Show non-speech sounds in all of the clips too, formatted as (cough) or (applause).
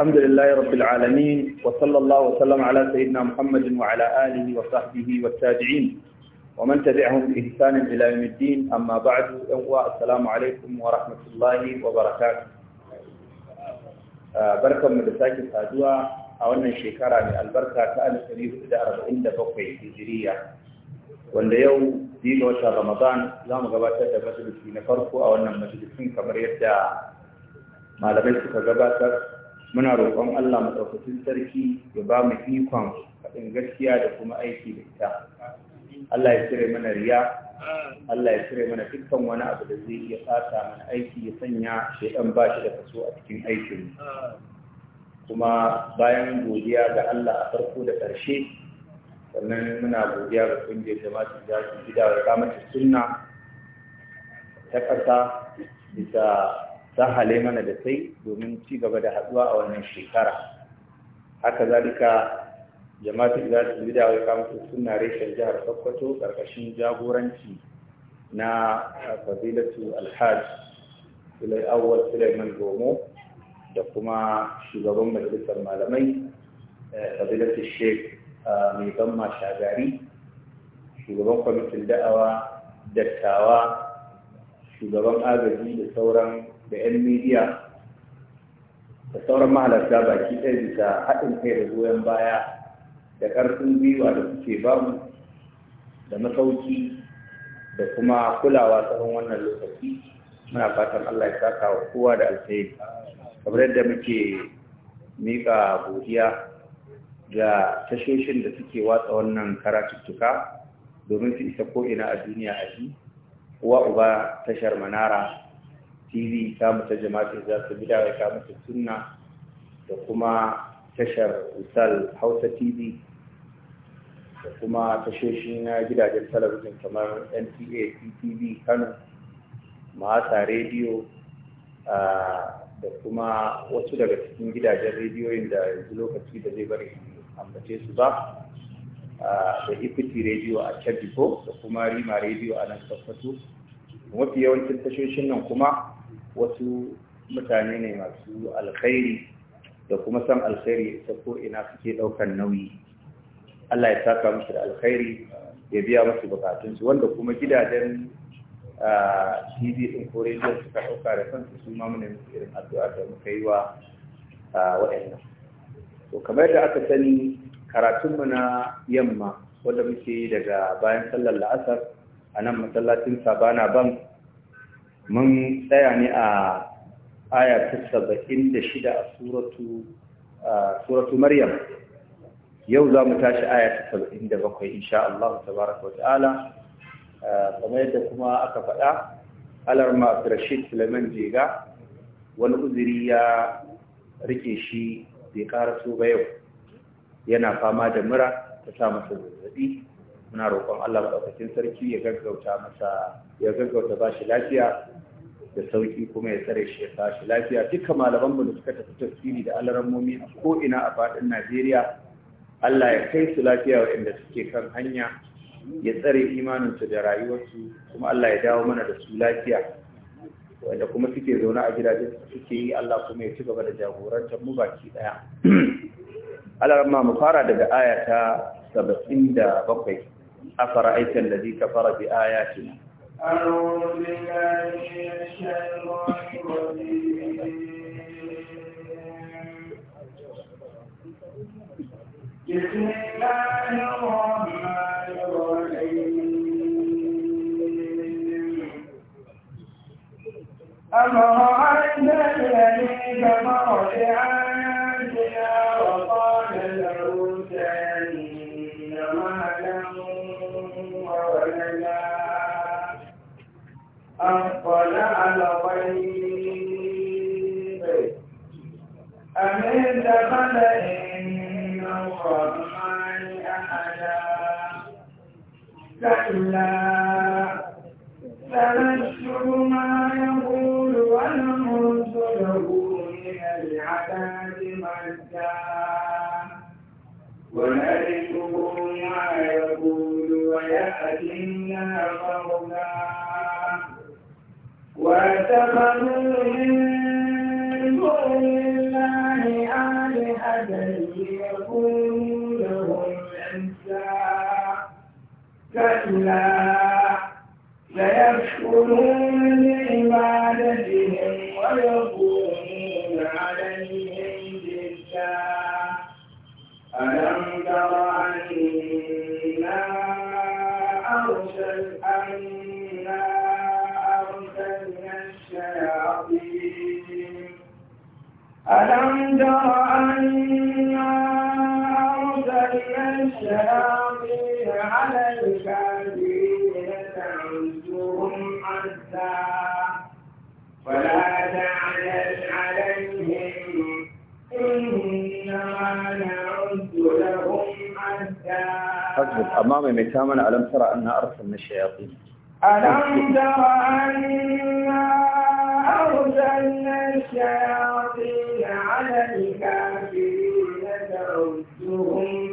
الحمد لله رب العالمين وصلى الله وسلم على سيدنا محمد وعلى آله وصحبه والتابعين ومن تبعهم بإحسان إلى يوم الدين أما بعد السلام عليكم ورحمة الله وبركاته آه، بركة من مدساك السادوة أولا الشكرة البركة كان سبيه إذا أربعين دفقة هجرية wanda yau biyu ga watan ramadan za mu gabatar da majalisi na كمريتا ما wannan majalisin kamar muna roƙon Allah maɗaukakin sarki ya ba mu ikon faɗin gaskiya da kuma aiki da ita Allah ya cire mana riya Allah ya cire mana dukkan wani abu da zai iya fata mana aiki ya sanya shaidan ba shi da kaso a cikin aikin kuma bayan godiya ga Allah a farko da ƙarshe sannan muna godiya ga ƙungiyar jama'a da su gida da ramata sunna ta ƙasa bisa sahale mana da sai domin ci gaba da haɗuwa a wannan shekara haka zalika jama'atul da wai wa iqamatus sunna reshen jihar Sokoto karkashin jagoranci na fadilatu alhaj ilai awwal Sulaiman Gomo da kuma shugaban majalisar malamai eh, fadilatu Sheikh eh, mai gamma shagari shugaban kwamitin da'awa dattawa shugaban agaji da sauran da 'yan midiya da sauran mahalarta baki ɗaya bisa haɗin kai da goyon baya da ƙarfin gwiwa da kuke bamu da masauki da kuma kulawa tsawon wannan lokaci muna fatan Allah ya saka wa kowa da alkhairi kamar yadda muke miƙa godiya ga tashoshin da suke watsa wannan karatuttuka domin su isa ko'ina a duniya a ji uwa uba tashar manara tv ta mu ta jama'atin za su bi kama ta sunna da kuma tashar misal hausa tv da kuma tashoshi na gidajen talabijin kamar nta TV kano ma'asa rediyo da kuma wasu daga cikin gidajen rediyoyin da yanzu lokaci da zai bari ambace su ba da equity Rediyo a Chadibo da kuma rima Rediyo a nan tabbato mafi yawancin tashoshin nan kuma wasu mutane ne masu alkhairi da kuma san alkhairi ta ko ina suke ɗaukan nauyi Allah ya saka musu da alkhairi ya biya musu bukatunsu wanda kuma gidajen TV ɗin ko rediyo suka ɗauka da kansu su ma muna musu irin addu'a da muka yi wa waɗannan. To kamar da aka sani karatun mu na yamma wanda muke daga bayan sallar la'asar a nan masallacin Sabana Bank mun tsaya ne a aya ta saba'in da shida a suratu maryam yau za mu tashi aya ta saba'in da bakwai insha Allah tabaraka wa ta'ala kamar yadda kuma aka faɗa alarma rashid suleiman jega wani uzuri ya rike shi bai ƙaraso ba yau yana fama da mura ta sa masa zazzabi muna roƙon Allah maɗaukakin sarki ya gaggauta masa ya gaggauta ba shi lafiya da sauƙi kuma ya tsare shi ya sa shi lafiya duka malaman mu da suka tafi tasiri da alarammomi a ina a faɗin Najeriya Allah ya kai su lafiya waɗanda suke kan hanya ya tsare su da rayuwarsu kuma Allah ya dawo mana da su lafiya wanda kuma suke zaune a gidajen suke yi Allah kuma ya ci gaba da jagorantar mu baki ɗaya. (clears throat) Allah mu fara daga aya ta saba'in da bakwai أفرأيت الذي كفر بآياتنا أعوذ بالله من الشيطان الرجيم بسم الله الرحمن الرحيم أمر أفرأيت الذي كفر بآياتنا الغيب أم دخل إن الرحمن أحدا كلا سنكتب ما يقول ونمس له من العذاب مدا ونرثه ما يقول ويأتينا فردا واتخذوا من دون الله آلهة ليكونوا لهم عزا كلا سيكفرون لعبادتهم ويقولون عليهم جدا ألم تر أنا أرسل أنا ألم تر أنا أرسلنا الشياطين على الكافرين تعزهم حتى فلا تعجل عليهم إنما نعد لهم حتى حسب أمامي ميتاما ألم ترى أن أرسلنا الشياطين ألم تر أنا وأرسلنا الشياطين على الكافرين تعدهم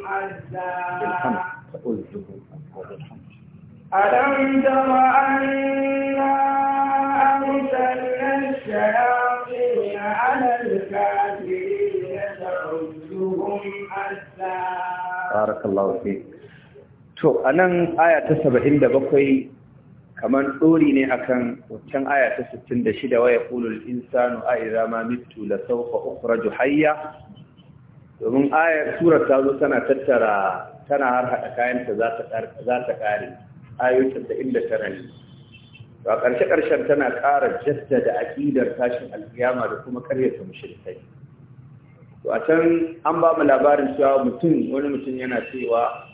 أدا ألم تر أنا أرسلنا الشياطين على الكافرين تعدهم أدا بارك الله فيك To, a nan aya ta saba'in da bakwai kamar ɗori ne akan wancan aya ta 66 wa Kulul, insanu a idza ma mitu la sawfa ukhraju hayya domin aya surar ta zo tana tattara tana har hada kayan ta za ta kare ayoyin da inda tara ne to a ƙarshe ƙarshen tana ƙara da aqidar tashin alkiyama da kuma karyata mushrikai to a can an ba mu labarin cewa mutum wani mutum yana cewa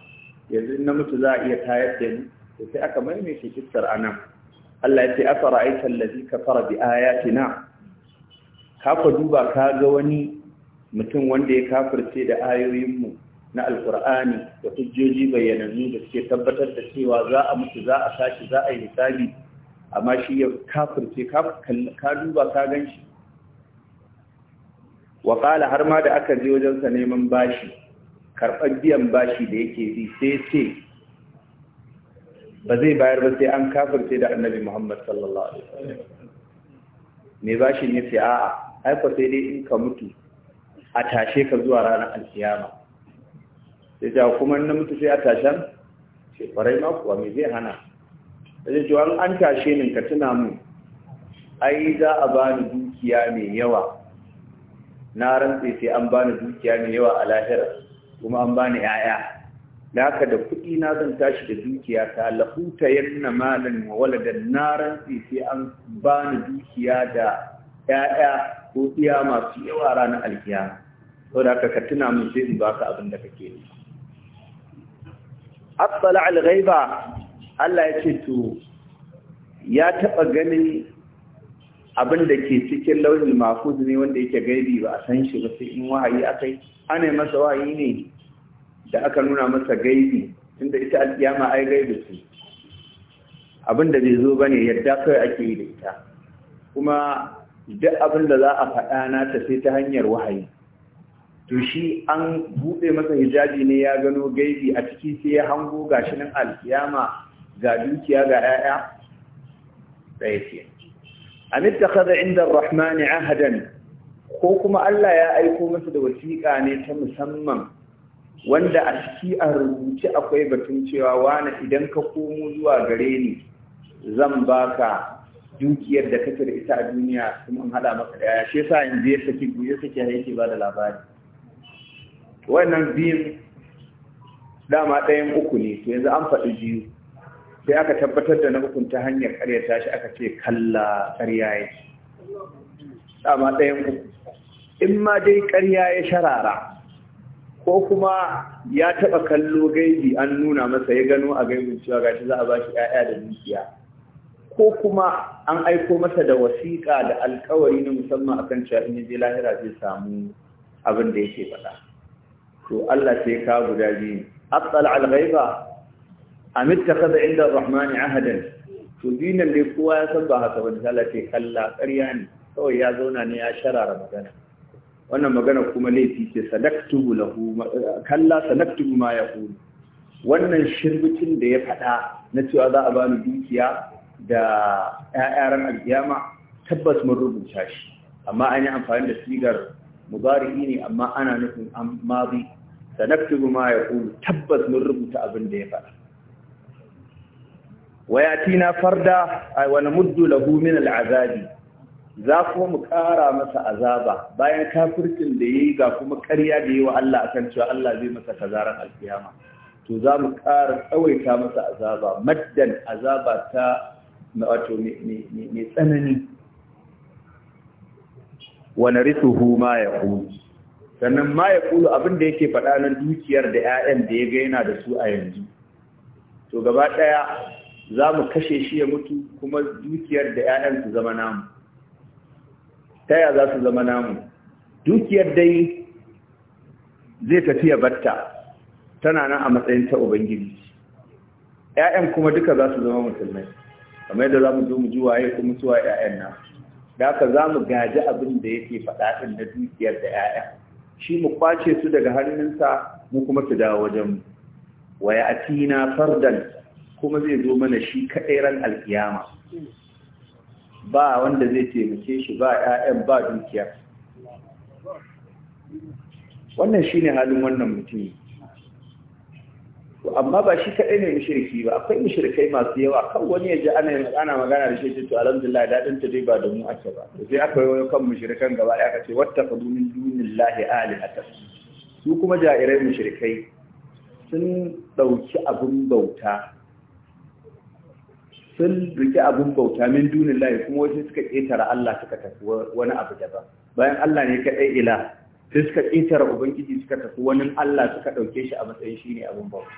yanzu na mutu za a iya tayar da ni to sai aka maimaita a nan? Allah ya ce afara aita allazi kafara bi ayatina ka kafa duba ka ga wani mutum wanda ya kafirce da ayoyinmu na alkur'ani da hujjoji bayyanannu da suke tabbatar da cewa za a mutu za a tashi za a yi misali amma shi ya kafirce ka duba ka gan shi waƙala har ma da aka je wajensa neman bashi karɓar biyan bashi da yake bi sai sai ba zai bayar ba sai an kafirce da annabi Muhammad sallallahu alaihi wasallam me bashi ne sai a'a ai ko sai dai in ka mutu a tashe ka zuwa ranar alkiyama sai ta kuma na mutu sai a tashen sai kwarai ma kuwa me zai hana sai ce an tashe ni ka tuna mu ai za a bani dukiya mai yawa na rantse sai an bani dukiya mai yawa a lahira kuma an bani 'ya'ya da haka da kuɗi na zan tashi da dukiya ta lahuta yanna malin wa waladan naran sai an bani dukiya da ƴaƴa ko iya masu yawa ranar to da haka ka tuna min sai in baka abin da kake ni asala al ghaiba Allah ya ce to ya taba gani abin da ke cikin lauhin mafuz ne wanda yake gaibi ba a san shi ba sai in wahayi akai ana masa wahayi ne da aka nuna masa gaibi tunda ita alkiyama ai gaibi ce abin da bai zo bane yadda kai ake yi da ita kuma duk abin da za a faɗa na ta sai ta hanyar wahayi to shi an buɗe masa hijabi ne ya gano gaibi a ciki sai ya hango gashi nan alkiyama ga dukiya ga 'ya'ya ɗaya ce an ittakhadha inda rahmani ahadan ko kuma Allah ya aiko masa da wasiƙa ne ta musamman wanda a ciki a rubuce akwai batun cewa wani idan ka komo zuwa gare ni zan baka dukiyar da kake da ita a duniya kuma in hada maka ɗaya shi yasa yanzu ya saki ya saki yake ba da labari wannan biyun dama ɗayan uku ne to yanzu an faɗi biyu sai aka tabbatar da na hukunta hanyar karyata shi aka ce kalla ƙarya ya ce dama ɗayan uku in ma dai karya ya sharara ko kuma ya taɓa kallo gaibi an nuna masa ya gano a gaibin cewa gashi za a ba shi ‘ya'ya da dukiya ko kuma an aiko masa da wasiƙa da alƙawari na musamman akan cewa in je lahira zai samu abin da yake faɗa to Allah sai ka guda biyu afsal al-ghaiba am ittakhadha inda ar-rahman ahadan to dinan dai kowa ya san ba haka ba Allah sai kalla ƙarya ne kawai ya zauna ne ya sharara magana wannan magana kuma laifi ce sadaktuhu lahu kalla sadaktuhu ma yaqulu wannan shirbitin da ya faɗa na cewa za a bani dukiya da ƴaƴaran alkiyama tabbas mun rubuta shi amma an yi amfani da sigar mubari'i ne amma ana nufin an mazi sanaktubu ma yaqulu tabbas mun rubuta abin da ya faɗa wayatina farda ay wa namuddu lahu min al'azabi za kuma mu ƙara masa azaba bayan kafircin da ya yi ga kuma karya da yi wa Allah akan cewa Allah zai masa kazaran alkiyama to za mu ƙara tsawaita masa azaba maddan azaba ta wato mai tsanani wani rituhu ma ya kulu sannan ma ya kulu abin da yake faɗa nan dukiyar da 'ya'yan da ya ga yana da su a yanzu to gaba ɗaya za mu kashe shi ya mutu kuma dukiyar da 'ya'yan su zama namu ta ya za su zama namu dukiyar dai zai tafiya batta tana nan a matsayin ta ubangiji Ya'yan kuma duka za su zama musulmai kamar yadda za mu zo mu ji waye kuma su ‘ya’yan ƴaƴan da aka za mu gaji abin da yake faɗa ɗin na dukiyar da 'ya'yan. shi mu kwace su daga hannunsa mu kuma su dawo wajen mu a tina fardan kuma zai zo mana shi kaɗai ran alkiyama ba wanda zai taimake shi ba 'ya'yan ba dukiya wannan shine halin wannan mutum amma ba shi kaɗai ne mushriki ba akwai mushrikai masu yawa kan wani ya ji ana magana da shi to alhamdulillah dadin ta dai ba da mu ake ba to sai aka yi kan mushrikan gaba ɗaya aka ce wattaqu min ali alihatan su kuma jairai mushrikai sun ɗauki abin bauta sun rike abin bauta min dunin layi kuma wasu suka ƙetare Allah suka tafi wani abu daban bayan Allah ne kaɗai ila sai suka ƙetare ubangiji suka tafi wani Allah suka ɗauke shi a matsayin shi ne abin bauta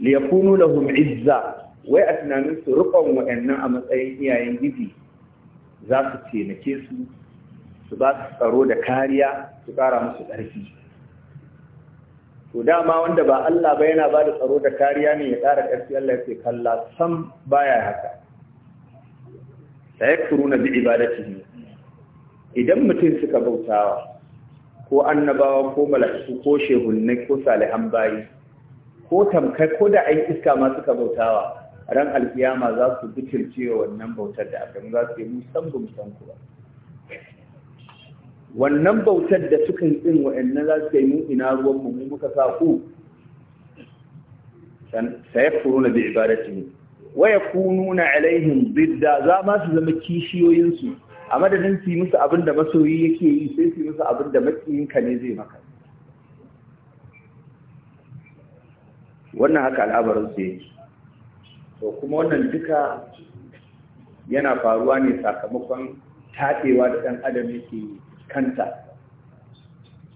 da lahum izza wai a tunanin su rukon waɗannan a matsayin iyayen gidi za su taimake su su ba su tsaro da kariya su ƙara musu ƙarfi to dama wanda ba Allah ba yana ba da tsaro da kariya ne ya ƙara ƙarfi Allah ya ce kalla sam baya haka na bi ibadati idan mutum suka bautawa ko annabawa ko mala'iku ko Shehunne, ko salihan bayi ko tamkai ko da ayin iska ma suka bautawa ran alkiyama za su bitirce wannan bautar da aka za su yi musamman musamman wannan bautar da suka yi ɗin waanna za su yi mu ina ruwan mu mu muka sa ku sayakfuruna bi ne wa yakununa alaihim bidda za ma su zama kishiyoyin su a madadin su musu abin da masoyi yake yi sai su musu abin da ka ne zai maka wannan haka al'abarin su yake to kuma wannan duka yana faruwa ne sakamakon tatewa da dan adam yake yi kanta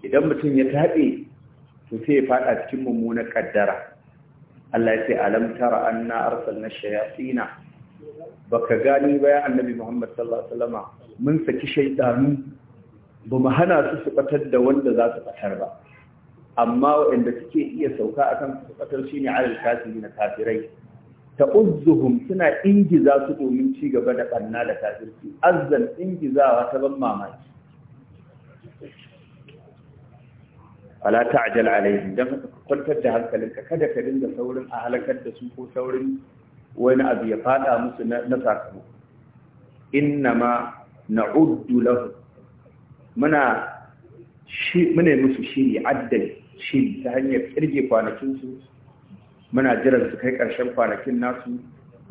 idan mutum ya taɓe to sai ya faɗa cikin mummunar ƙaddara Allah ya ce alam tara anna arsalna shayatina baka gani ya, annabi Muhammad sallallahu alaihi wasallama mun saki shaytanu ba mu hana su su batar da wanda za su batar ba amma waɗanda suke iya sauka akan su batar shine alal kafirin kafirai ta'uzzuhum suna ingiza su domin ci gaba da banna da kafirci azzan ingizawa ta ban mamaki fala ta'jal alaihim dan kwantar da hankalinka kada ka dinga saurin a halakar da su ko saurin wani abu ya fada musu na sakamako innama na'uddu lahu muna shi muna musu shiri addal shiri ta hanyar kirge kwanakin su muna jiran su kai karshen kwanakin nasu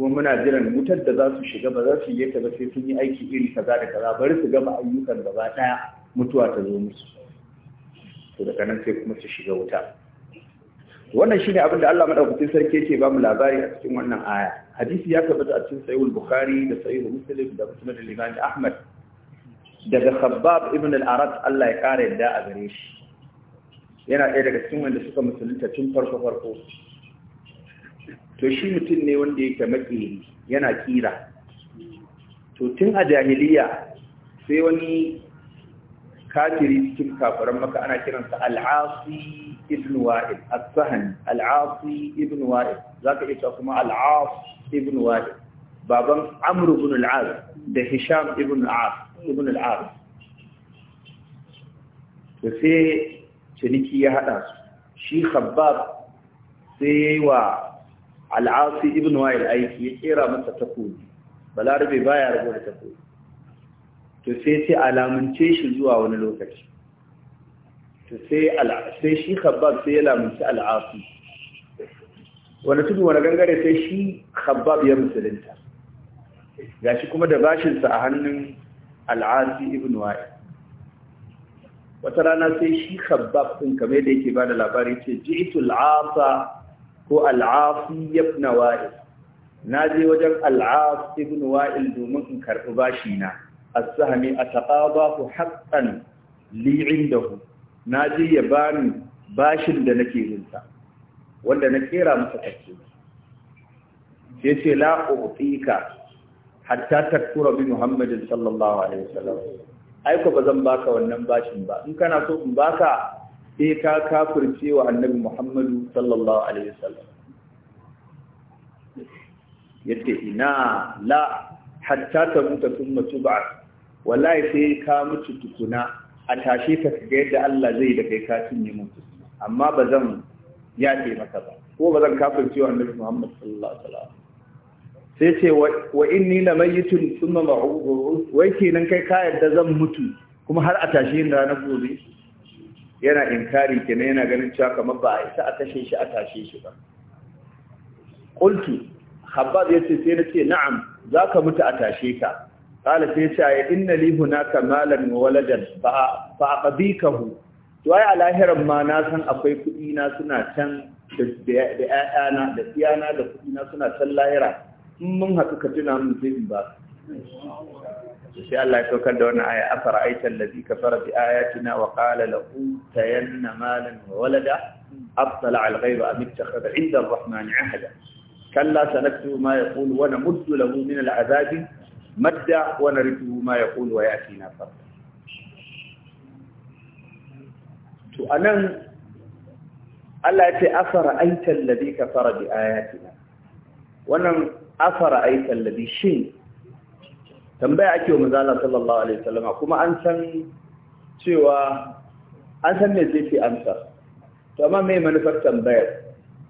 kuma muna jiran mutar da za su shiga ba za su yi ta ba sai sun yi aiki iri kaza da kaza bari su gaba ayyukan gaba daya mutuwa ta zo musu to daga nan sai kuma su shiga wuta wannan shine abin da Allah madaukakin sarki yake ba mu labari a cikin wannan aya hadisi ya tabbata a cikin sahih bukhari da sahih muslim da musnad al-imam ahmad daga khabbab ibn al-arat Allah ya kare da a gare shi yana ɗaya daga cikin wanda suka musulunta tun farko farko to shi mutum ne wanda yake makeri yana kira to tun a jahiliya sai wani kafiri cikin kafiran maka ana kiransa al'asi ibn wa'il as-sahani al'asi ibn wa'il zaka iya cewa kuma al'as ibn wa'il baban amr ibn al-as da hisham ibn al-as ibn al to sai ciniki ya hada su shi khabbab sai yayi wa al'asi ibn wa'il aiki ya kera masa takobi balarabe baya rago da takobi to sai ce alamunce shi zuwa wani lokaci to sai shi khabbab sai ya lamunci al'afi wani tudu wani gangare sai shi khabbab ya musulunta ga shi kuma da bashinsa a hannun al'asi ibn wa'i wata rana sai shi khabbab din kamar da yake bada labari ce ji'tu al'asa ko al'afi ibn wa'i na je wajen al'as ibn wa'il domin in karɓi bashi na as-sahmi ataqadahu haqqan li indahu naji ya bani bashin da nake yin sa wanda na kera masa kake sai ce la utika hatta takura bi Muhammad sallallahu alaihi wasallam ai ko bazan baka wannan bashin ba in kana so in baka sai ka kafirce wa annabi muhammadu sallallahu alaihi wasallam yace ina la hatta tamuta thumma tub'ath wallahi sai ka mutu tukuna a tashe ka ga yadda Allah zai da kai ka yi mutu amma ba zan ce maka ba ko ba zan kafirce wa annabi Muhammad sallallahu alaihi wasallam sai ce wa inni lamayitun thumma ma'ud wai kenan kai ka yadda zan mutu kuma har a tashe ni ranar gobe yana inkari kenan yana ganin cewa kamar ba a isa a kashe shi a tashe shi ba qultu habbab yace sai na ce na'am zaka mutu a tashe ka qala sai ce ai inna li hunaka malan wa waladan fa aqdikahu to ai a lahiran ma na san akwai kuɗi na suna can da ƴaƴana da iyana da kuɗi na suna can lahira in mun haɗu ka tuna mun sai in ba sai Allah ya saukar da wannan aya afara aitan ladhi kafara bi ayatina wa qala la utayanna malan wa walada أطلع الغيب أم اتخذ عند الرحمن عهدا كلا سنكتب ما يقول ونمد له من العذاب madda wa narithu ma yaqulu wa yatina farda to anan Allah ya ce afara aital ladhi kafara bi ayatina wannan afara aital ladhi shin tambaya ake wa manzo sallallahu alaihi wasallam kuma an san cewa an san me zai fi amsa to amma me manufar tambayar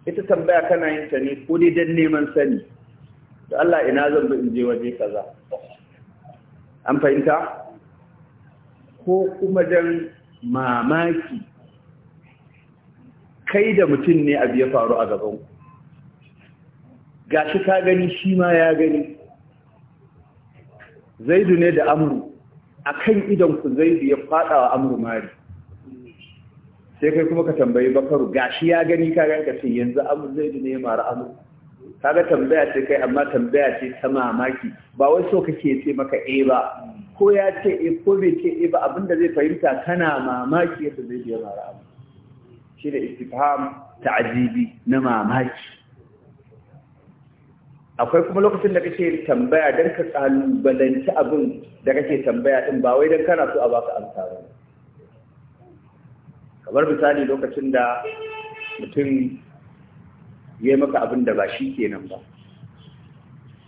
ita tambaya kana yin ta ne ko dai dan neman sani da Allah ina zan bi in je waje kaza an fahimta ko kuma dan mamaki kai da mutum ne abu ya faru a gaban ku gashi ka gani shi ma ya gani zaidu ne da amru a kan ku zaidu ya fada wa amru mari sai kai kuma ka tambayi bakaru gashi ya gani ka ganka ce yanzu amru zaidu ne ya mara amru kaga tambaya ce kai amma tambaya ce ta mamaki ba wai so kake ce maka eh ba ko ya ce eh ko bai ce eh ba abinda zai fahimta kana mamaki yadda zai biya mara abu shi da istifham ta'jibi na mamaki akwai kuma lokacin da kake tambaya dan ka kalubalanci abin da kake tambaya din ba wai dan kana so a baka amsa ba kamar misali lokacin da mutum ya maka abin da ba shi kenan ba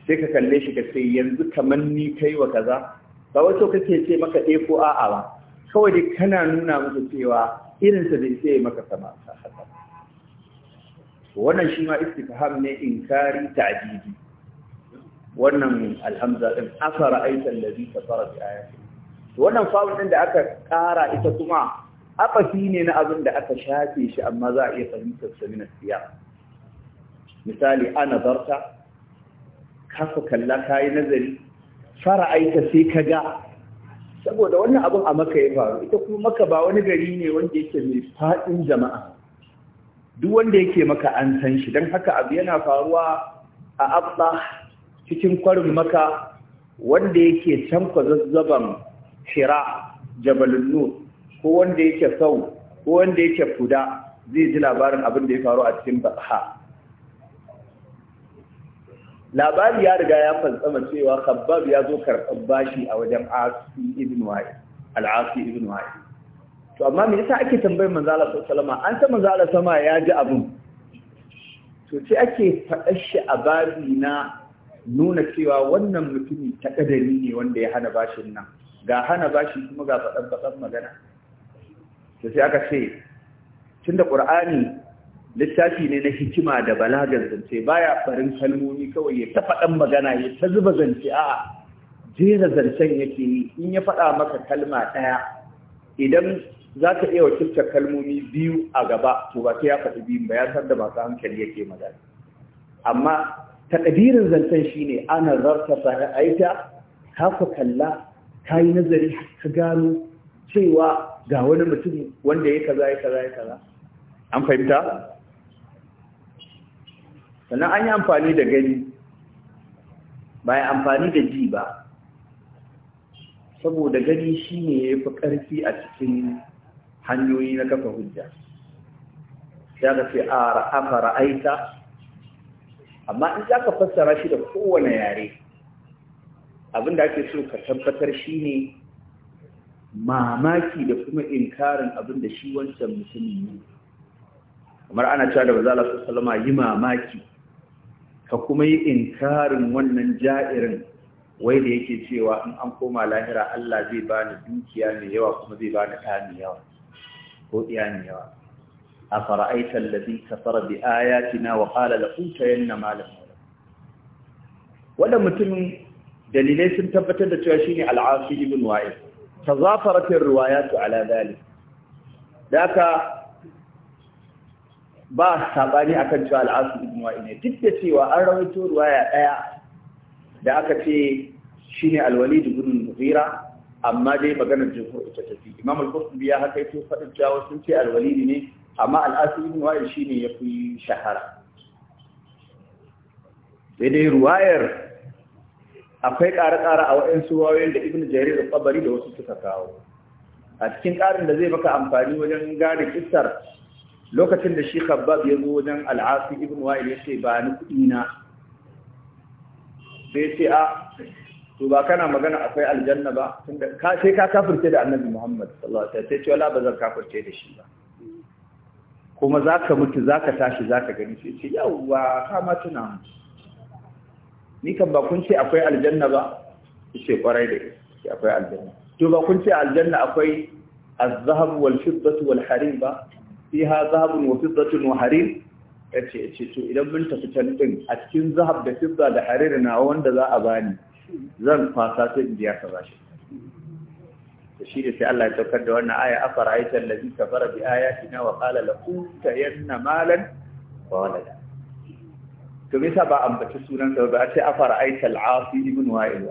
sai ka kalle shi ka yanzu kamar ni kai wa kaza ba wato kake ce maka A eh ko a'a ba kawai dai kana nuna musu cewa irinsa zai sai maka sama haka wannan shi ma istifham ne inkari ta'didi wannan alhamza din afara aita allazi kafara bi ayati wannan fa'ul din da aka kara ita kuma afafi ne na abin da aka shafe shi amma za a iya fahimtar sa min asiyaq misali ana barta ka ku kalla ka nazari fara aika sai ka ga saboda wannan abun a maka ya faru ita kuma maka ba wani gari ne wanda yake mai fadin jama'a duk wanda yake maka an san shi don haka abu yana faruwa a abba cikin kwarin maka wanda yake can zazzaban shira jabalin nur ko wanda yake sau ko wanda yake fuda zai ji labarin abin da ya faru a cikin ha labari ya riga ya fantsama cewa khabbab ya zo karɓar bashi a wajen asi ibn wa'i al ibn wa'i to amma me yasa ake tambayar manzo Allah an ta manzo Allah sama ya ji abun to sai ake faɗa shi a babi na nuna cewa wannan mutumi ta kadari ne wanda ya hana bashin nan ga hana bashi kuma ga faɗan faɗan magana to sai aka ce tunda qur'ani littafi ne na hikima da balagar zance baya farin kalmomi kawai ya ta faɗan magana ya ta zuba zance a jera zancen yake yi in ya faɗa maka kalma ɗaya idan za ka iya wakilta kalmomi biyu a gaba to ba sai ya faɗi biyu ba ya san da masu hankali yake magana amma takadirin zancen shine ana zarta aita ka kalla ka yi nazari ka gano cewa ga wani mutum wanda ya kaza ya kaza ya kaza an fahimta sannan an yi amfani da gani ba ya amfani da ji ba saboda gani shi ne ya fi ƙarfi a cikin hanyoyi na kafa hujja ya ka a ra'aita amma in za ka fassara shi da kowane yare abinda ake so ka tabbatar shi ne mamaki da kuma inkarin abinda shi wancan mutumin ne kamar ana cewa da bazala sallama yi mamaki ka kuma yi inkarin wannan ja'irin wai da yake cewa in an koma lahira Allah zai bani dukiya mai yawa kuma zai bani ɗa mai yawa ko iya mai yawa a fara'aitar da zai kafara bi ayatina wa ƙala da kutayen yanna malam wadda mutumin dalilai sun tabbatar da cewa shine al'afi ibn wa'il tazafarat ar-riwayat ala dhalik daka ba sabani akan cewa al'asu ibn wa'il ne duk da cewa an rawaito ruwaya ɗaya da aka ce shine al-walid ibn mughira amma dai maganar jumhur ita tafi imam al-qurtubi ya haka yato faɗin cewa sun ce al ne amma al'asu ibn wa'il shine yafi shahara sai dai ruwayar akwai ƙara-ƙara a waɗansu wayoyin da ibn jarir al da wasu suka kawo a cikin ƙarin da zai maka amfani wajen gane kissar lokacin da shi khabbab ya zo wajen al'asi ibn wa'il ya ce ba ni kuɗi na sai ce a to ba kana magana akwai aljanna ba tunda ka sai ka kafirce da annabi Muhammad sallallahu alaihi wasallam sai ce wala ba zan kafirce da shi ba kuma zaka mutu zaka tashi zaka gani sai ce yawwa ka ma tuna ni kan ba kun ce akwai aljanna ba ce kwarai da shi akwai aljanna to ba kun ce aljanna akwai az-zahab wal fiddah wal harib ba fiha zahabun wa fiddatun wa harir yace yace to idan mun tafi can din a cikin zahab da fidda da harir na wanda za a bani zan fasa ta in biya ka bashi to shi ne sai Allah ya saukar da wannan aya afara aita allazi kafara bi ayatina wa qala lakum tayanna malan wa walada to me ba ambaci sunan sa ba a ce afara al-asi ibn wa'il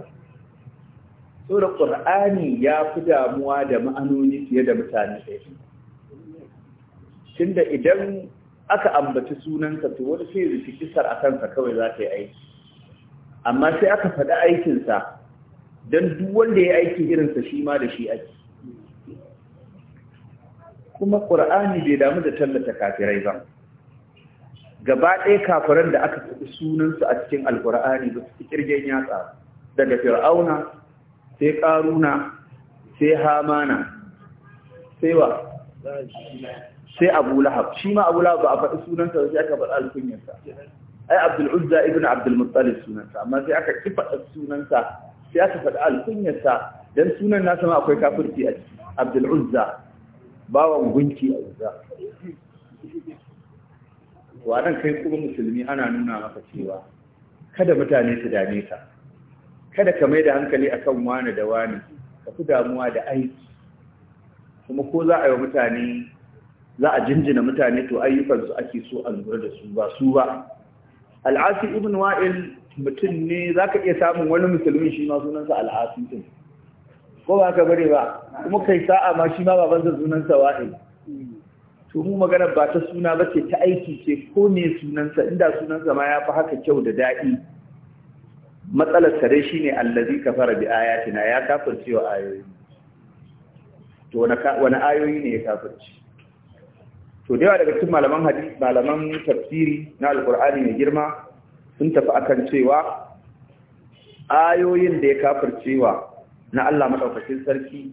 saboda ƙur'ani ya fi damuwa da ma'anoni fiye da mutane ɗaya tunda idan aka ambaci sunansa to wani sai rufi kisar a kansa kawai za ta yi aiki amma sai aka faɗi aikinsa don duk wanda ya yi aiki irinsa shi ma da shi aiki kuma ƙur'ani bai damu da tallata kafirai ba gaba ɗaya kafiran da aka faɗi sunansu a cikin alƙur'ani ba su fi kirgen yatsa daga fir'auna sai ƙaruna sai hamana sai wa sai Abu Lahab shi ma Abu Lahab ba a faɗi sunansa sai aka faɗi alkunyarsa ai Abdul Uzza ibn Abdul Muttalib sunansa amma sai aka ƙi faɗa sunansa sai aka faɗi alkunyarsa dan sunan nasa ma akwai kafirci a ciki Abdul Uzza bawan gunki a Uzza waɗan kai kuma musulmi ana nuna maka cewa kada mutane su dame ka kada ka mai da hankali akan wani da wani ka fi damuwa da aiki kuma ko za a yi wa mutane za a jinjina mutane to ayyukansu ake so a lura da su ba su ba al'asi ibn wa'il mutum ne za ka iya samun wani musulmi shi ma sunansa al'asi din ko ba ka bare ba kuma kai sa'a ma shi ma babansa sunansa wa'il to mu magana ba ta suna ba ce ta aiki ce ko me sunansa inda sunansa ma ya fi haka kyau da daɗi matsalar sare shi ne allazi kafara bi ayatina ya kafirce wa ayoyi to wani ayoyi ne ya kafirce to da yawa daga cikin malaman hadisi malaman tafsiri na alkur'ani mai girma sun tafi akan cewa ayoyin da ya kafircewa na Allah madaukakin sarki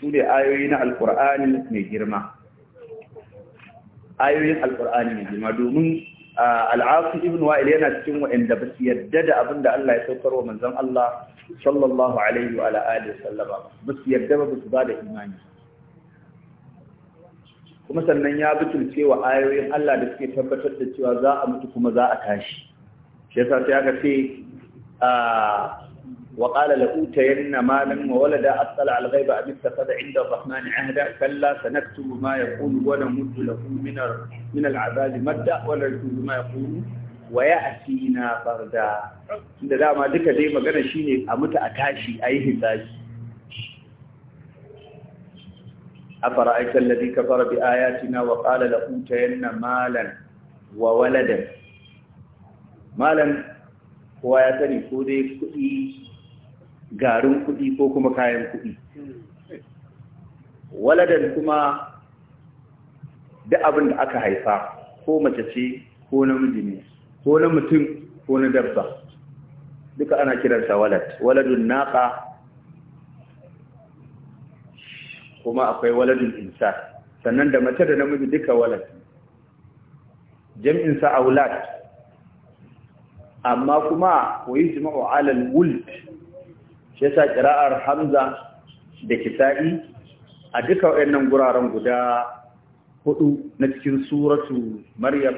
su ne ayoyi na alkur'ani mai girma ayoyin alkur'ani mai girma domin al'afi ibn wa'il yana cikin wa'anda ba su yadda da abin da Allah ya saukar wa manzon Allah sallallahu alaihi wa alihi sallaba ba su yadda ba su ba da imani kuma sannan ya butulce wa ayoyin Allah da suke tabbatar da cewa za a mutu kuma za a tashi shi yasa sai aka ce wa qala la utayanna malan wa walada asala al ghaiba abi tafada inda rahman ahda kalla sanaktubu ma yaqulu wa namuddu lahu min min al azab madda wa narjuzu ma yaqulu wa ya'tina farda inda dama duka dai magana shine a mutu a tashi ayi hisabi أفرأيت الذي كفر بآياتنا وقال لأوتين مالا وولدا مالا هو يتني كودي كودي غارون كودي ko kuma كودي ولدا كما da abin da aka haifa ko mace ce ko namiji ne ko na mutum ko na dabba duka ana kiransa walad waladun naqa kuma akwai waladin insa sannan da mace da namiji duka walad jam'in sa aulad amma kuma koyi jima'u alal wuld shi yasa qira'ar hamza da kisa'i a duka wayannan guraren guda hudu na cikin suratu maryam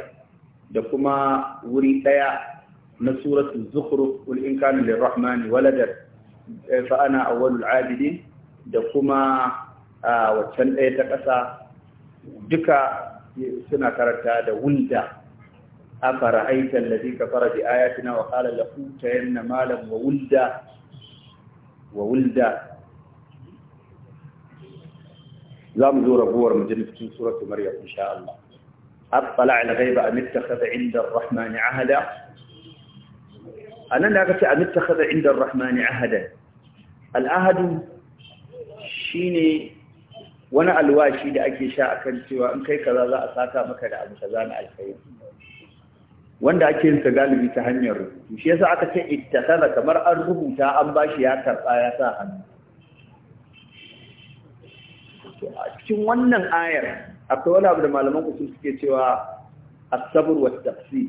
da kuma wuri daya na suratu zukhruf qul in kana lirrahmani waladan fa ana awwalul abidin da kuma a waccan ɗaya ta ƙasa duka suna karanta da wulda afara aitan ladhi kafara bi ayatina wa qala la yanna malan wa wulda wa wulda za mu zo rabuwar majalisun suratul maryam insha Allah أطلع الغيب أم اتخذ عند الرحمن عهدا أنا لا أقول أم اتخذ عند الرحمن عهدا العهد شيني wani alwashi da ake sha a kan cewa in kai kaza za a saka maka da abu kaza na alkhairi wanda ake yin sa galibi ta hanyar rubutu shi yasa aka ce ittakhadha kamar an rubuta an bashi ya karba ya sa hannu a cikin wannan ayar akwai wani abu da malaman usul suke cewa as-sabr wa tafsir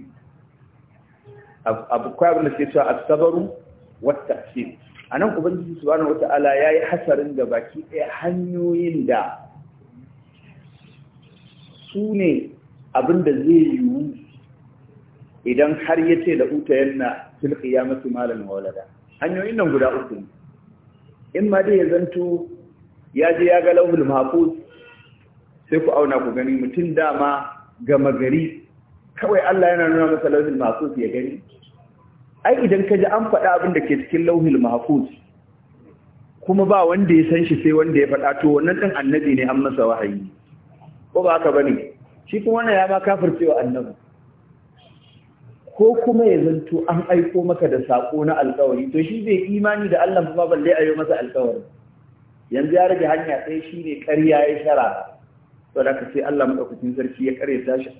abu kwabin da suke cewa as-sabr wa tafsir a nan ubangiji subhanahu wata'ala ya yi hasarin da baki ɗaya hanyoyin da su ne abin da zai yiwu idan har ya ce da uta yanna tilki ya masu malamin walada hanyoyin nan guda uku in ma dai ya zanto ya je ya ga lauhul mahfuz sai ku auna ku gani mutum dama gama gari kawai Allah yana nuna masa lauhul mahfuz ya gani ai idan ka ji an faɗa abin da ke cikin lauhil mahfuz kuma ba wanda ya san shi sai wanda ya faɗa to wannan ɗin annabi ne an masa wahayi ko ba haka bane shi kuma wannan ya ma kafircewa annabi ko kuma ya zanto an aiko maka da sako na alƙawari to shi bai imani da Allah ba balle a yi masa alƙawari yanzu ya rage hanya sai shi ne ƙarya ya shara to da ka sai Allah madaukakin sarki ya ƙare ta shi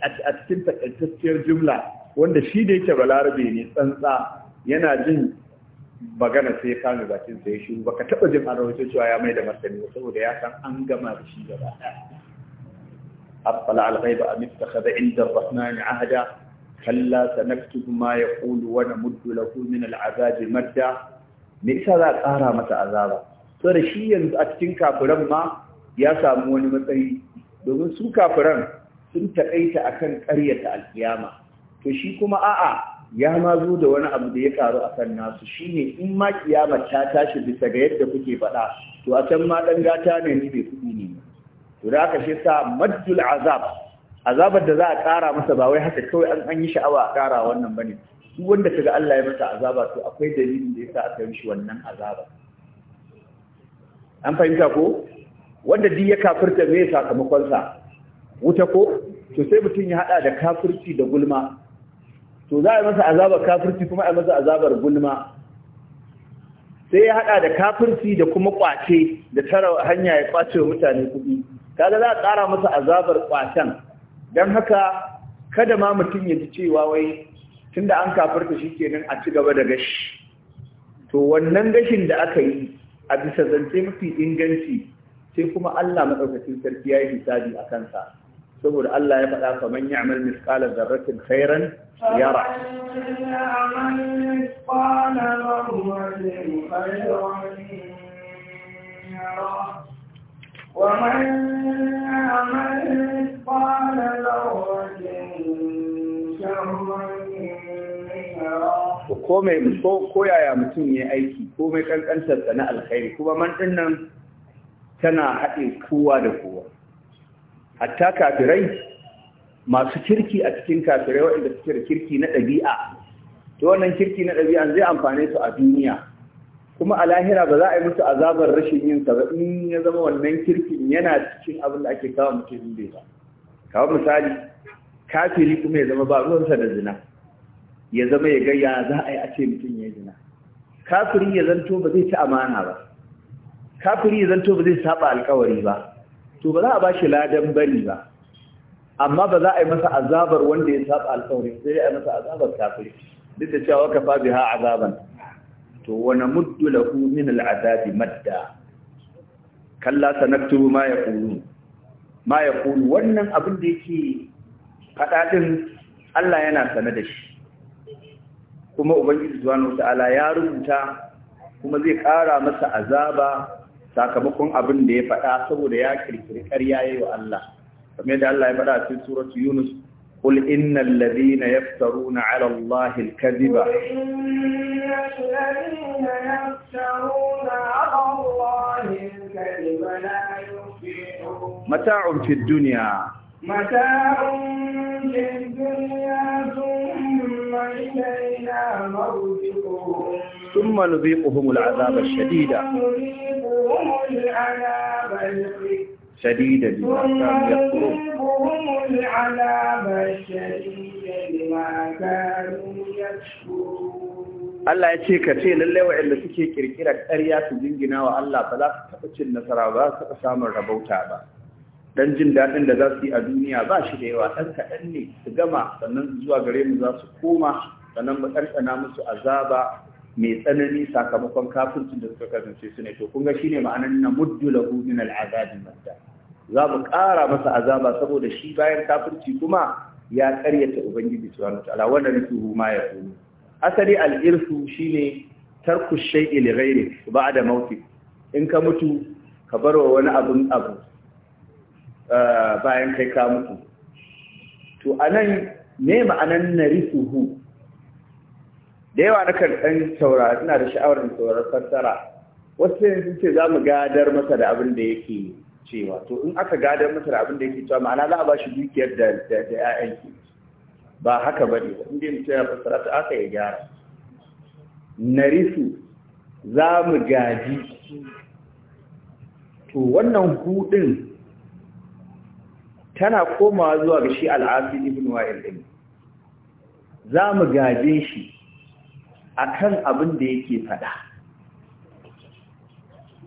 a cikin takaitacciyar jumla wanda shi da yake balarabe ne tsantsa yana jin magana sai ya kame bakin sa ya shiru baka taba jin an rawaito cewa ya mai da martani saboda ya san an gama da shi gaba أطلع الغيب أم اتخذ عند الرحمن kalla كلا سنكتب ما يقول ونمد له من العذاب madda. me yasa za a ƙara masa azaba to da shi yanzu a cikin kafiran ma ya samu wani matsayi domin su kafiran sun taƙaita akan ƙaryata alkiyama to shi kuma a'a ya ma zo da wani abu da ya karu a kan nasu shine in ma kiyama ta tashi bisa ga yadda kuke faɗa to a can ma ɗan gata ne ni mai kuɗi ne to da aka shi sa majjul azab azabar da za a ƙara masa ba wai haka kawai an an yi sha'awa a ƙara wannan ba ne, duk wanda ga Allah ya masa azaba to akwai dalilin da ya sa aka yi shi wannan azaba an fahimta ko wanda duk ya kafirta me sakamakon sa wuta ko to sai mutum ya haɗa da kafirci da gulma to za a masa azabar kafirci kuma a masa azabar gulma sai ya hada da kafirci da kuma kwace da tara hanya ya kwace wa mutane kuɗi kaga za a tsara masa azabar kwacen don haka kada ma mutum ya ji cewa wai tunda an kafirta nan a ci gaba da gashi to wannan gashin da aka yi a bisa zance mafi inganci sai kuma Allah madaukakin sarki ya yi hisabi a kansa saboda Allah ya faɗa ya amal miskalar zarratin khairan يرى ومن ko koyaya mutum ya aiki ko mai kankantarsa na alkhairi kuma man nan tana haɗe kowa da kowa hatta kafirai masu kirki a cikin kafirai waɗanda suke da kirki na ɗabi'a to wannan kirki na ɗabi'a zai amfane su a duniya kuma a lahira ba za a yi musu azabar rashin yin sa ba in ya zama wannan kirkin yana cikin abin da ake kawo mutum bai ba kawo misali kafiri kuma ya zama ba ruwansa da zina ya zama ya ga ya za a yi a ce mutum ya zina kafiri ya zanto ba zai ci amana ba kafiri ya zanto ba zai saba alkawari ba to ba za a ba shi ladan bari ba amma ba za a yi masa azabar wanda ya saba alkawari sai a yi masa azabar kafiri duk da cewa kafa biha azaban to wani muddu lahu min al'adabi madda kalla sanaktubu ma yaqulu ma yaqulu wannan abin da yake fada din Allah yana sane da shi kuma ubangiji subhanahu ta'ala ya rubuta kuma zai ƙara masa azaba sakamakon abin da ya faɗa saboda ya kirkiri ƙarya yayi wa Allah kamar da Allah في سورة يونس قل إن الذين يفترون على الله الكذب قل إن الذين يفترون على الله الكذب لا يفلحون متاع في الدنيا متاع في الدنيا ثم إلينا مرجعهم ثم نذيقهم العذاب الشديد ثم نذيقهم العذاب الشديد شديدا لما كانوا يكفرون Allah ya ce ka ce lallai waɗanda suke kirkirar ƙarya su jingina wa Allah ba za su taɓa cin nasara ba su taɓa samun rabauta ba. Dan jin daɗin da za su yi a duniya ba shi da yawa ɗan kaɗan ne su gama sannan zuwa gare mu za su koma sannan mu ɗanɗana musu azaba mai tsanani sakamakon kafircin da suka kasance su ne to kun ga shine ma'anar na muddu lahu min al'azabi madda za mu ƙara masa azaba saboda shi bayan kafirci kuma ya ƙaryata ubangiji subhanahu wataala wannan rituhu ma ya kuma asali al shine tarku shay'i li ghairi ba'da mauti in ka mutu ka wa wani abu abu eh, bayan kai ka mutu to anan me ma'anan narisuhu da yawa na kan ɗan saurara ina da sha'awar sauraron fassara wasu yanzu ce za mu gadar masa da abin da yake cewa to in aka gada masa abin da yake cewa ma'ana za a ba shi dukiyar da da ƴaƴan ki ba haka ba ne inda mu ce ba sarata aka ya gyara narisu za mu gaji to wannan hudin tana komawa zuwa ga shi al'afi ibn wa'il din za mu gaje shi akan abin da yake faɗa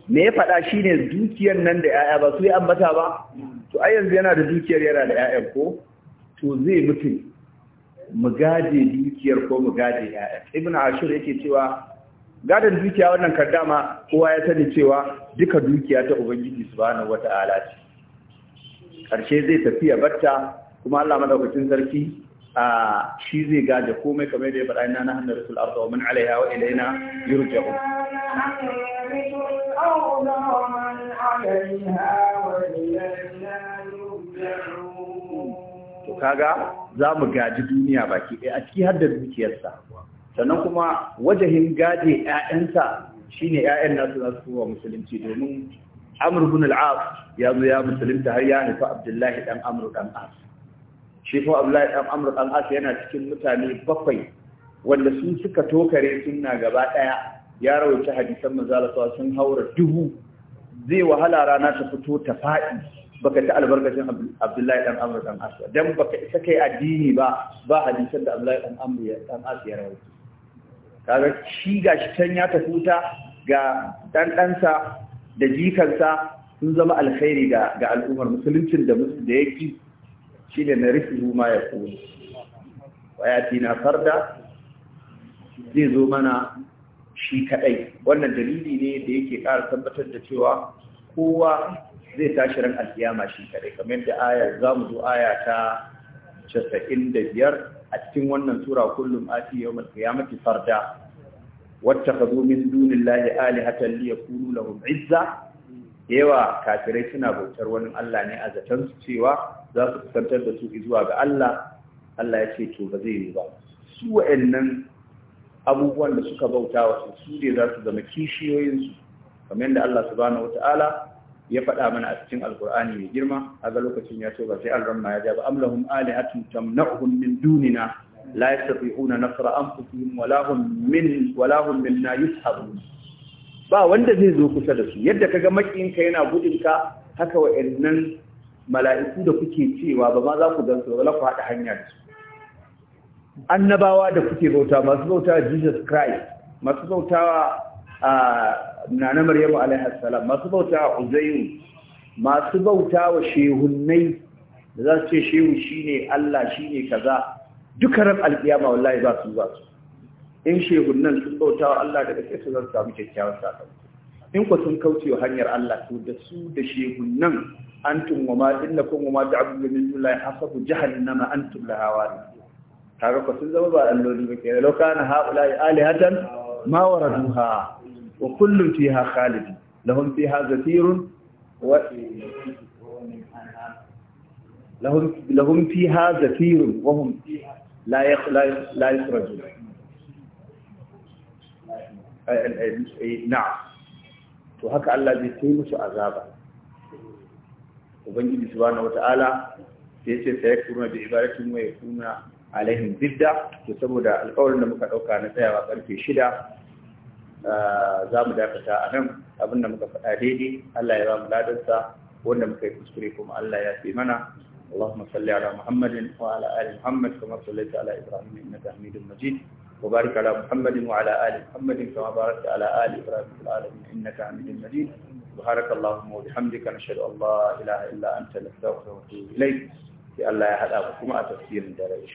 me ya faɗa shi ne dukiyar nan da ‘ya'ya ba su yi ambata ba to ai yanzu yana da dukiyar yana da ‘ya'ya ko to zai mutu mu gaje dukiyar ko mu gaje ‘ya'ya ibn ashur yake cewa gadon dukiya wannan kardama kowa ya sani cewa duka dukiya ta ubangiji subhanahu wata'ala ce karshe zai tafi ya batta kuma Allah madaukakin sarki a shi zai gaje komai kamar da ya faɗa ina na hannun rasul arzawa min man alaiha wa ilaina yurja'u to kaga za mu gaji duniya baki ɗaya a ciki har da zuciyarsa sannan kuma wajahin gaje ƴaƴansa shine ƴaƴan nasu za su wa musulunci domin amr ibn al ya zo ya musulunta har ya nufi abdullahi dan amr dan as shi abdullahi Ɗan Amur Ɗan as yana cikin mutane bakwai wanda sun suka tokare suna gaba ɗaya. ya rawaita hadisan manzo Allah sun haura dubu zai wahala rana ta fito ta faɗi baka ta albarkacin abdullahi Ɗan Amur Ɗan as dan baka isa kai addini ba ba hadisan da abdullahi Ɗan Amur Ɗan as ya rawaita kaga shi ga shi can ya tafuta ga ɗanɗansa da jikansa sun zama alkhairi ga al'ummar musuluncin da da yake shi ne na rufe ma ya kuni wayati na farda zai zo mana shi kadai wannan dalili ne da yake ƙara tabbatar da cewa kowa zai tashi ran alkiyama shi kadai kamar da aya za mu zo aya ta biyar. a cikin wannan sura kullum ati yawmal qiyamati farda wattakhadhu min dunillahi ya liyakunu lahum izza yawa kafirai suna bautar wani Allah ne a zaton su cewa za su fuskantar da su zuwa ga Allah Allah ya ce to ba zai yi ba su wa'annan abubuwan da suka bauta wa su ne za su zama kishiyoyinsu kamar yadda Allah subhanahu wata'ala ya faɗa mana a cikin alkur'ani mai girma a ga lokacin ya ce ba sai an ramma ya ja ba amlahum alihatun tamna'uhum min dunina la yastati'una nasra anfusihim wala hum min wala hum minna yushabun ba wanda zai zo kusa da su yadda kaga makiyin ka yana gudun haka wa'annan mala'iku da kuke cewa ba ma za ku gansu ba ku haɗa hanya da su annabawa da kuke bauta masu bauta Jesus Christ masu bauta a nana Maryamu alaihi salam masu bauta Uzayr masu bauta wa shehunnai da za su ce shehu shine Allah shine kaza duka ran alkiyama wallahi ba su ba su in shehunnan sun bauta Allah da sai su zan samu kyakkyawan sakamako in ku sun kauce wa hanyar Allah to da su da shehunan antum wa ma innakum wa ma ta'budu min dunillahi hasabu jahannama antum laha warid kaga ku sun zama ba alloli ba kenan law kana haula alihatan ma waraduha wa kullun fiha khalid lahum fiha zatirun wa lahum lahum fiha zatirun wa hum la la la yukhrajun نعم to haka Allah zai sai musu azaba ubangiji subhanahu wataala sai ce sai kuruna da ibadatin wa yakuna alaihim bidda to saboda alƙawarin da muka dauka na tsayawa karfe shida ah, za mu dakata a nan abin da muka faɗa daidai Allah ya ba mu ladansa wanda muka yi kuskure kuma Allah ya fi mana اللهم صل على محمد وعلى آل محمد كما صليت على إبراهيم إنك حميد مجيد وبارك على محمد وعلى آل محمد كما باركت على آل إبراهيم في العالمين إنك حميد مجيد سبحانك اللهم وبحمدك نشهد أن لا إله إلا أنت نستغفرك ونتوب إليك في الله يحد أبوكما تفسير درجة